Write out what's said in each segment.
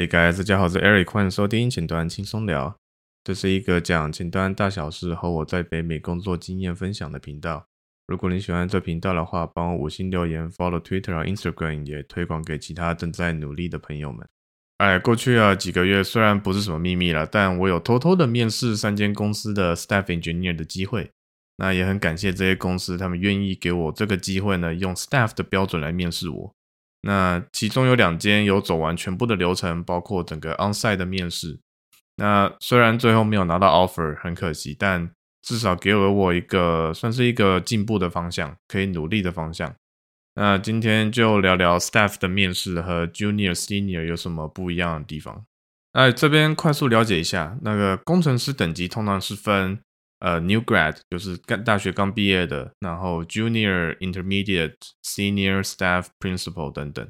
Hey guys，大家好，我是 Eric，歡迎收聽前端輕鬆聊。這是一個講前端大小事和我在北美工作經驗分享的頻道。如果你喜歡這頻道的話，幫我五星留言，follow Twitter 和 Instagram，也推廣給其他正在努力的朋友們。哎，過去啊幾個月雖然不是什麼祕密了，但我有偷偷的面試三間公司的 staff engineer 的機會。那也很感謝這些公司，他們願意給我這個機會呢，用 staff 的標準來面試我。那其中有兩間有走完全部的流程，包括整個 onsite 的面試。那雖然最後沒有拿到 offer，很可惜，但至少給了我一個算是一個進步的方向，可以努力的方向。那今天就聊聊 staff 的面試和 junior、senior 有什麼不一樣的地方。那這邊快速了解一下，那個工程師等級通常是分。呃、uh,new grad 就是剛大學剛畢業的，然後 junior、intermediate、senior、staff、principal 等等。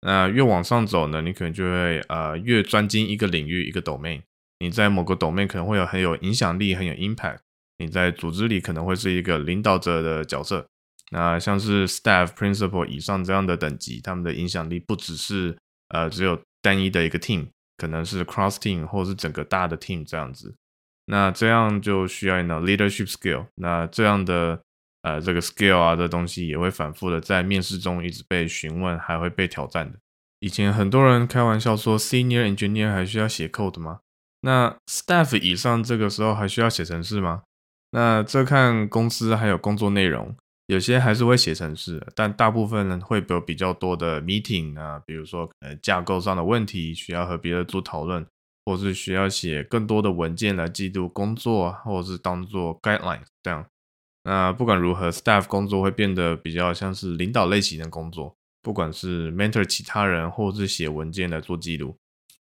那越往上走呢，你可能就會呃、uh, 越專精一個領域一個 domain。你在某個 domain 可能會有很有影響力、很有 impact。你在組織裡可能會是一個領導者的角色。那像是 staff、principal 以上這樣的等級，他們的影響力不只是呃、uh, 只有單一的一個 team，可能是 cross team 或是整個大的 team 這樣子。那這樣就需要一種 leadership skill。那這樣的呃這個 skill 啊，這東西也會反覆的在面試中一直被詢問，還會被挑戰的。以前很多人開玩笑說，senior engineer 還需要寫 code 嗎？那 staff 以上這個時候還需要寫程式嗎？那這看公司還有工作內容，有些還是會寫程式，但大部分人會有比較多的 meeting 啊，比如說呃架構上的問題需要和別人做討論。或是需要寫更多的文件來記錄工作，或者是當做 guidelines 這樣。那不管如何，staff 工作會變得比較像是領導類型的工作，不管是 mentor 其他人，或是寫文件來做記錄。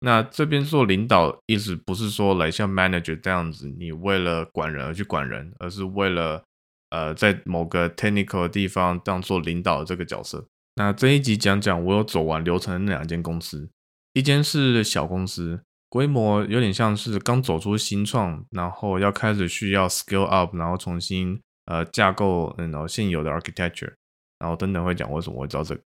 那這邊做領導，意思不是說來像 manager 這樣子，你為了管人而去管人，而是為了呃，在某個 technical 的地方當做領導的這個角色。那這一集講講我有走完流程的那兩間公司，一間是小公司。規模有點像是剛走出新創，然後要開始需要 scale up，然後重新呃架構、嗯，然後現有的 architecture，然後等等會講為什麼會招這個。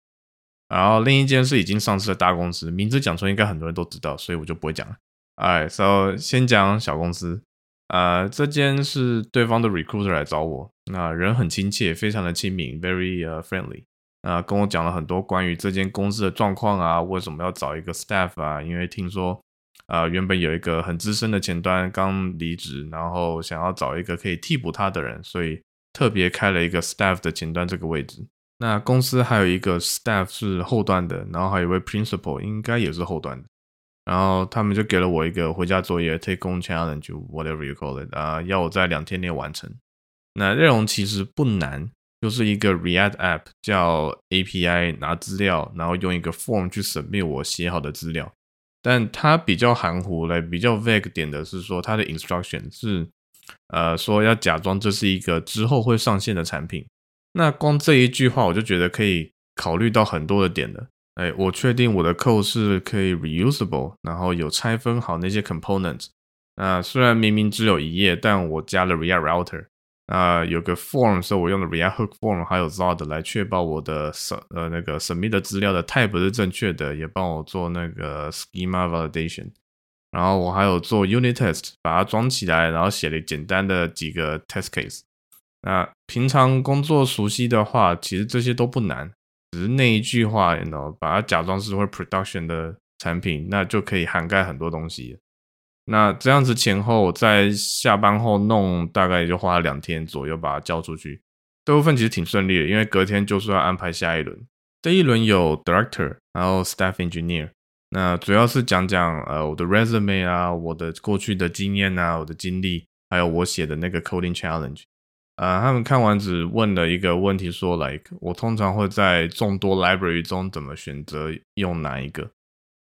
然後另一間是已經上市的大公司，名字講出來應該很多人都知道，所以我就不會講了。哎，all right, so 先講小公司，呃，這間是對方的 recruiter 來找我，那、呃、人很親切，非常的親民，very, uh, friendly，呃，跟我講了很多關於這間公司的狀況啊，為什麼要找一個 staff 啊，因為聽說。呃，原本有一個很資深的前端，剛離職，然後想要找一個可以替補他的人，所以特別開了一個 staff 的前端這個位置。那公司還有一個 staff 是後端的，然後還有一位 principal 應該也是後端的。然後他們就給了我一個回家作業，take on challenge，whatever you call it，啊，要我在兩天內完成。那內容其實不難，就是一個 React app 叫 API 拿資料，然後用一個 form 去 submit 我寫好的資料。但它比較含糊嘞，比較 vague 點的是說它的 instruction 是，呃，說要假裝這是一個之後會上線的產品。那光這一句話，我就覺得可以考慮到很多的點了。哎、欸，我確定我的 code 是可以 reusable，然後有拆分好那些 components。那雖然明明只有一頁，但我加了 React Router。啊、呃，有個 form，所以我用的 React Hook Form，還有 Zod 來確保我的 s, 呃那個 submit 的資料的 type 是正確的，也幫我做那個 schema validation。然後我還有做 unit test，把它裝起來，然後寫了簡單的幾個 test case。那平常工作熟悉的話，其實這些都不難，只是那一句話，you know, 把它假裝是會 production 的產品，那就可以涵蓋很多東西。那這樣子前後在下班後弄，大概也就花了兩天左右把它交出去。這部分其實挺順利的，因為隔天就是要安排下一輪。這一輪有 director，然後 staff engineer。那主要是講講呃我的 resume 啊，我的過去的經驗啊，我的經歷，還有我寫的那個 coding challenge。呃，他們看完只問了一個問題，說 like 我通常會在眾多 library 中怎麼選擇用哪一個？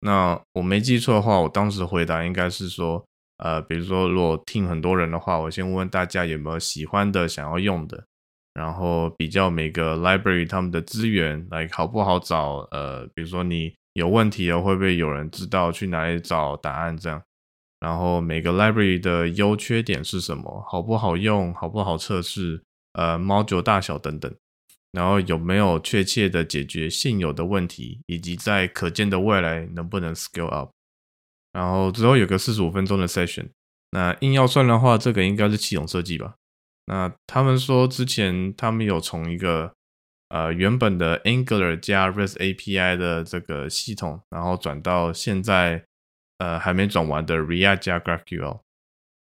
那我沒記錯的話，我當時回答應該是說，呃，比如說如果聽很多人的話，我先問問大家有沒有喜歡的、想要用的，然後比較每個 library 他們的資源來、 like, 好不好找，呃，比如說你有問題了，會不會有人知道去哪裡找答案這樣，然後每個 library 的優缺點是什麼，好不好用，好不好測試，呃，module 大小等等。然後有沒有確切的解決現有的問題，以及在可見的未來能不能 scale up？然後之後有個四十五分鐘的 session，那硬要算的話，這個應該是系統設計吧？那他們說之前他們有從一個呃原本的 Angular 加 REST API 的這個系統，然後轉到現在呃還沒轉完的 React 加 GraphQL，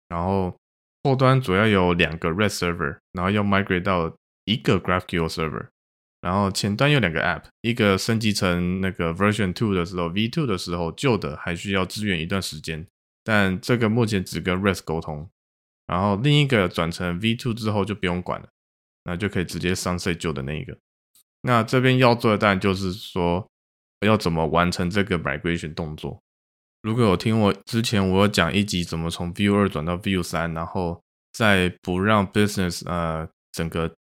然後後端主要有兩個 REST server，然後要 migrate 到。一個 GraphQL server，然後前端有兩個 app，一個升級成那個 version two 的時候，v two 的時候，舊的還需要支援一段時間，但這個目前只跟 REST 溝通，然後另一個轉成 v two 之後就不用管了，那就可以直接 sunset 舊的那一個。那這邊要做的當然就是說，要怎麼完成這個 migration 動作？如果有聽我之前我有講一集怎麼從 Vue 二轉到 Vue 三，然後再不讓 business 呃整個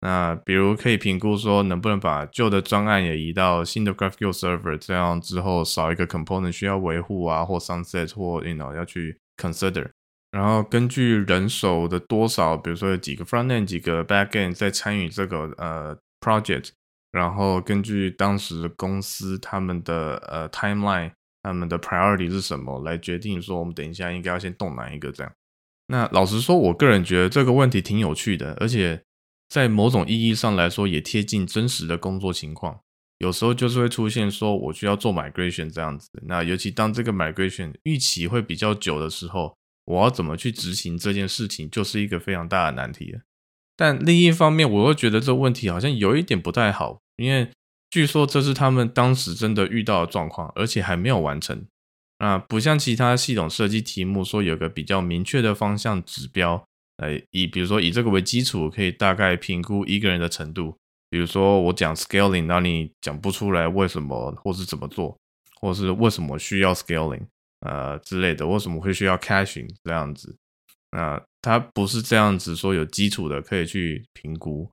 那比如可以評估說，能不能把舊的專案也移到新的 GraphQL Server，這樣之後少一個 component 需要維護啊，或 sunset 或 you know 要去 consider。然後根據人手的多少，比如說有幾個 front end 幾個 back end 在參與這個呃 project，然後根據當時公司他們的呃 timeline、time line，他們的 priority 是什麼來決定說，我們等一下應該要先動哪一個這樣。那老實說，我個人覺得這個問題挺有趣的，而且。在某種意義上來說，也貼近真實的工作情況。有時候就是會出現說，我需要做 migration 這樣子。那尤其當這個 migration 預期會比較久的時候，我要怎麼去執行這件事情，就是一個非常大的難題了。但另一方面，我又覺得這問題好像有一點不太好，因為據說這是他們當時真的遇到的狀況，而且還沒有完成。那不像其他系統設計題目說有個比較明確的方向指標。哎，以比如說以這個為基礎，可以大概評估一個人的程度。比如說我講 scaling，那你講不出來為什麼，或是怎麼做，或是為什麼需要 scaling，呃之類的，為什麼會需要 caching 這樣子？那他不是這樣子說有基礎的可以去評估。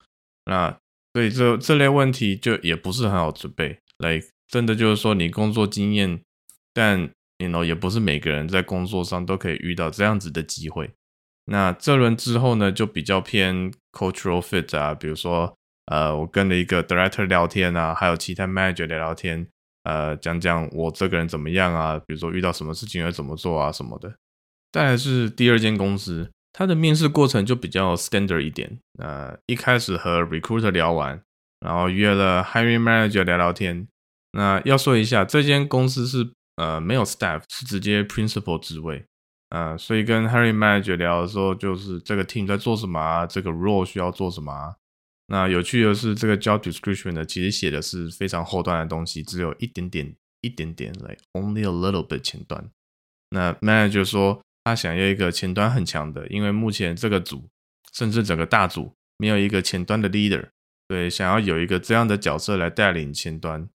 那所以這這類問題就也不是很好準備。來，真的就是說你工作經驗，但你 you 呢 know 也不是每個人在工作上都可以遇到這樣子的機會。那這輪之後呢，就比較偏 cultural fit 啊，比如說，呃，我跟了一個 director 聊天啊，還有其他 manager 聊聊天，呃，講講我這個人怎麼樣啊，比如說遇到什麼事情要怎麼做啊什麼的。再來是第二間公司，它的面試過程就比較 standard 一點，呃，一開始和 recruiter 聊完，然後約了 hiring manager 聊聊天。那要說一下，這間公司是呃沒有 staff，是直接 principal 職位。嗯、呃，所以跟 Harry Manager 聊的時候，就是這個 team 在做什麼啊，這個 role 需要做什麼啊。那有趣的是，這個 job description 呢，其實寫的是非常後端的東西，只有一點點、一點點，like only a little bit 前端。那 Manager 說他想要一個前端很強的，因為目前這個組甚至整個大組沒有一個前端的 leader，對，想要有一個這樣的角色來帶領前端。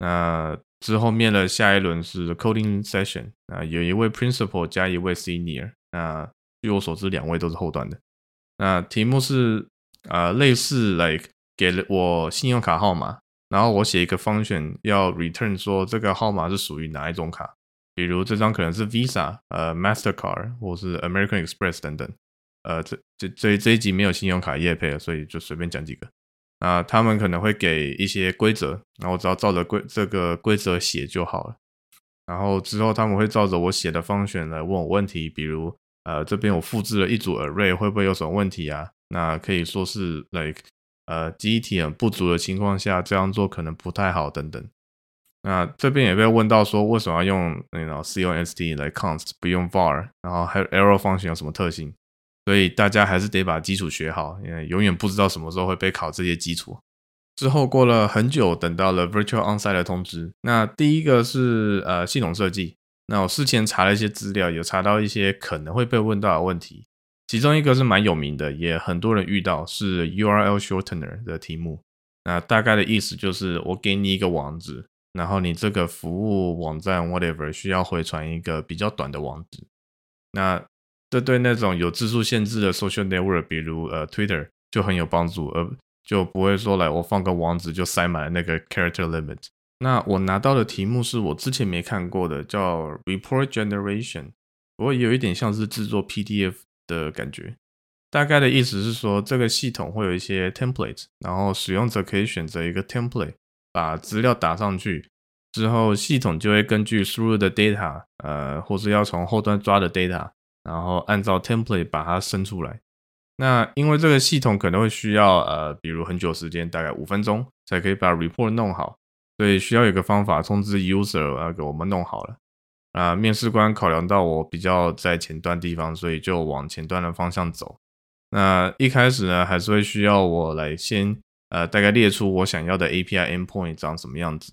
那之後面的下一輪是 coding session 啊、呃，有一位 principal 加一位 senior 那、呃、據我所知兩位都是後端的。那、呃、題目是啊、呃、類似 like 給了我信用卡號碼，然後我寫一個 function 要 return 說這個號碼是屬於哪一種卡，比如這張可能是 Visa，呃 Mastercard 或是 American Express 等等。呃這這這一集沒有信用卡業配，所以就隨便講幾個。啊，他們可能會給一些規則，然後只要照着規這個規則寫就好了。然後之後他們會照着我寫的 function 來問我問題，比如，呃，這邊我複製了一組 array，會不會有什麼問題啊？那可以說是，like 呃，記憶體很不足的情況下這樣做可能不太好等等。那這邊也被問到說，為什麼要用那 CO、like、const 來 count 不用 var，然後還有 arrow function 有什麼特性？所以大家還是得把基礎學好，因為永遠不知道什麼時候會被考這些基礎。之後過了很久，等到了 virtual onsite 的通知。那第一個是呃系統設計。那我事前查了一些資料，有查到一些可能會被問到的問題。其中一個是蠻有名的，也很多人遇到，是 URL Shortener 的題目。那大概的意思就是，我給你一個網址，然後你這個服務網站 whatever 需要回傳一個比較短的網址。那這對那種有字數限制的 social network，比如呃 Twitter，就很有幫助，呃就不會說來我放個網址就塞滿了那個 character limit。那我拿到的題目是我之前沒看過的，叫 report generation。不過也有一點像是製作 PDF 的感覺。大概的意思是說，這個系統會有一些 template，然後使用者可以選擇一個 template，把資料打上去之後，系統就會根據輸入的 data，呃，或是要從後端抓的 data。然後按照 template 把它生出來。那因為這個系統可能會需要呃，比如很久時間，大概五分鐘，才可以把 report 弄好，所以需要有個方法通知 user 要、呃、給我們弄好了。啊、呃，面試官考量到我比較在前端的地方，所以就往前端的方向走。那一開始呢，還是會需要我來先呃，大概列出我想要的 API endpoint 長什麼樣子。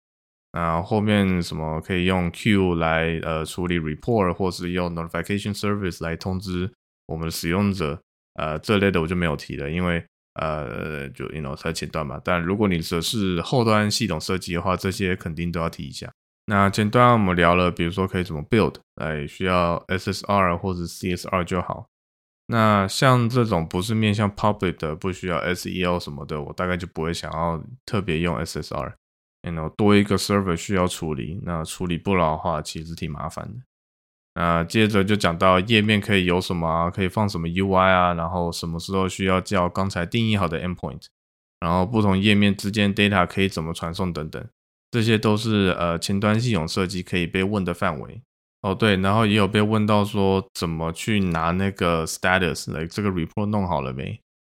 那、呃、後面什麼可以用 q 來呃處理 report 或是用 notification service 來通知我們的使用者，呃，這類的我就沒有提了，因為呃就 you know 它前端嘛。但如果你只是後端系統設計的話，這些肯定都要提一下。那前端我們聊了，比如說可以怎麼 build，來、呃、需要 SSR 或者 CSR 就好。那像這種不是面向 public 的，不需要 SEO 什麼的，我大概就不會想要特別用 SSR。那 you know, 多一個 server 需要處理，那處理不了的話，其實挺麻煩的。那接着就講到頁面可以有什麼，啊，可以放什麼 UI 啊，然後什麼時候需要叫剛才定義好的 endpoint，然後不同頁面之間 data 可以怎麼傳送等等，這些都是呃前端系統設計可以被問的範圍。哦對，然後也有被問到說怎麼去拿那個 status，like 這個 report 弄好了沒？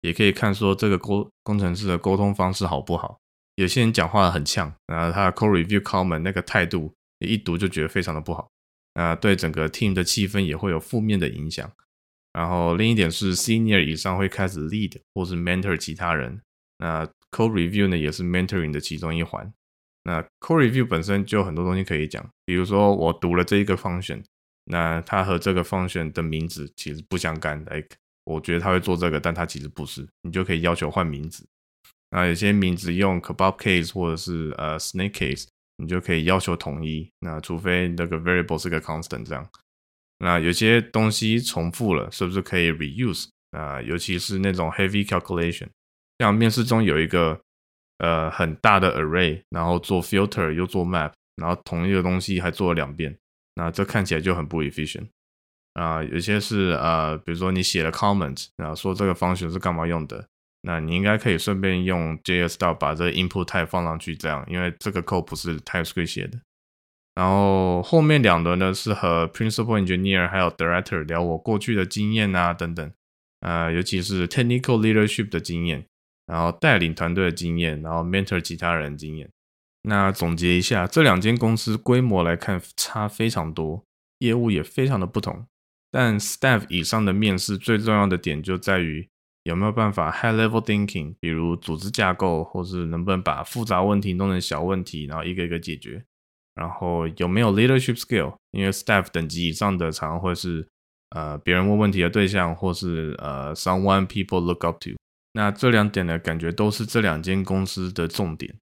也可以看說這個工工程師的溝通方式好不好？有些人講話很嗆，然後他的 code review comment 那個態度一讀就覺得非常的不好，那對整個 team 的氣氛也會有負面的影響。然後另一點是 senior 以上會開始 lead 或是 mentor 其他人，那 code review 呢也是 mentoring 的其中一環。那 code review 本身就很多東西可以講，比如說我讀了這一個 function，那它和這個 function 的名字其實不相干的，like。我覺得他會做這個，但他其實不是。你就可以要求換名字。那有些名字用 kebab case 或者是呃 snakeCase，你就可以要求統一。那除非那個 variable 是個 constant 這樣。那有些東西重複了，是不是可以 reuse？那尤其是那種 heavy calculation，像面試中有一個呃很大的 array，然後做 filter 又做 map，然後同一個東西還做了兩遍，那這看起來就很不 efficient。啊、呃，有些是呃，比如說你寫了 comment 然後說這個 function 是幹嘛用的，那你應該可以順便用 JS 道把這 input type 放上去，這樣，因為這個 code 不是 typescript 寫的。然後後面兩輪呢是和 principal engineer 還有 director 聊我過去的經驗啊等等，呃，尤其是 technical leadership 的經驗，然後帶領團隊的經驗，然後 mentor 其他人的經驗。那總結一下，這兩間公司規模來看差非常多，業務也非常的不同。但 staff 以上的面試最重要的點就在於有沒有辦法 high level thinking，比如組織架構，或是能不能把複雜問題弄成小問題，然後一個一個解決。然後有沒有 leadership skill，因為 staff 等級以上的常會是呃別人問問題的對象，或是呃 someone people look up to。那這兩點呢，感覺都是這兩間公司的重點。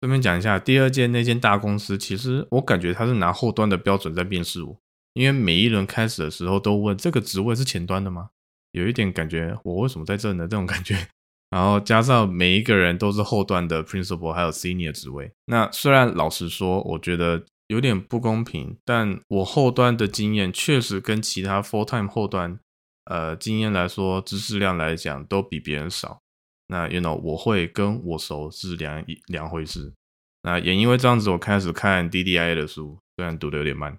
順便講一下，第二間那間大公司，其實我感覺它是拿後端的標準在面試我。因為每一輪開始的時候都問這個職位是前端的嗎？有一點感覺我為什麼在這呢這種感覺，然後加上每一個人都是後端的 principal 還有 senior 職位。那雖然老實說，我覺得有點不公平，但我後端的經驗確實跟其他 full time 後端呃經驗來說，知識量來講都比別人少。那 you know 我會跟我熟是兩兩回事。那也因為這樣子，我開始看 DDIA 的書，雖然讀的有點慢。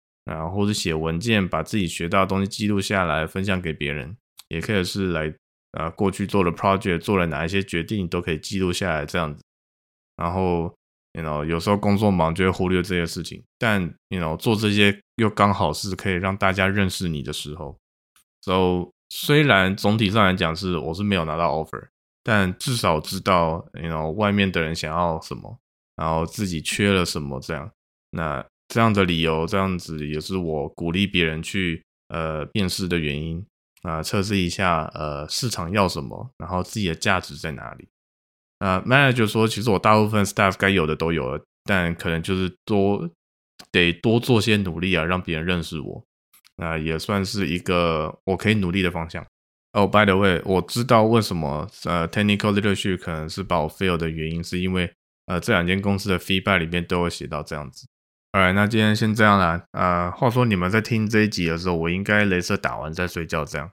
然後或寫文件，把自己學到的東西記錄下來，分享給別人，也可以是來，呃，過去做的 project，做了哪一些決定都可以記錄下來這樣子。然後，you know，有時候工作忙就會忽略這些事情，但 you know，做這些又剛好是可以讓大家認識你的時候。So 雖然總體上來講是我是沒有拿到 offer，但至少知道 you know，外面的人想要什麼，然後自己缺了什麼這樣，那。這樣的理由，這樣子也是我鼓勵別人去呃面試的原因啊、呃，測試一下呃市場要什麼，然後自己的價值在哪裡啊。Manager 就說：“其實我大部分 staff 該有的都有了，但可能就是多得多做些努力啊，讓別人認識我。啊、呃，也算是一個我可以努力的方向。Oh, ”哦，by the way，我知道為什麼呃 Technical Literature 可能是把我 fail 的原因，是因為呃這兩間公司的 feedback 裡面都會寫到這樣子。哎，Alright, 那今天先這樣啦，呃，話說你們在聽這一集的時候，我應該雷射打完再睡覺這樣，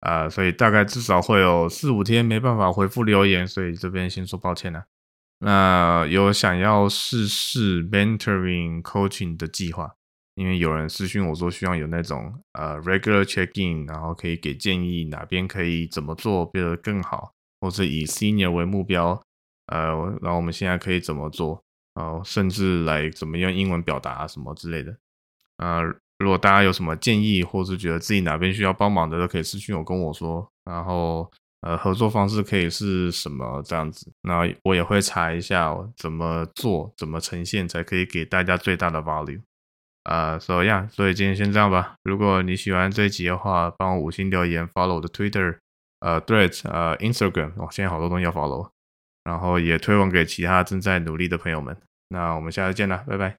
啊、呃，所以大概至少會有四五天沒辦法回復留言，所以這邊先說抱歉啦。那、呃、有想要試試 mentoring coaching 的計劃，因為有人私訊我說希望有那種呃 regular check-in，然後可以給建議哪邊可以怎麼做變得更好，或是以 senior 為目標，呃，然後我們現在可以怎麼做？然後甚至來怎麼用英文表達什麼之類的。呃，如果大家有什麼建議，或是覺得自己哪邊需要幫忙的，都可以私信我跟我說。然後，呃，合作方式可以是什麼這樣子？那我也會查一下、哦、怎麼做，怎麼呈現才可以給大家最大的 value。啊、呃 so yeah，所以今天先這樣吧。如果你喜歡這集的話，幫我五星留言，follow 我的 Twitter 呃、Threads、呃，Threads、呃，Instagram。我、哦、現在好多東西要 follow。然後也推廣給其他正在努力的朋友們。那我們下次見啦，拜拜。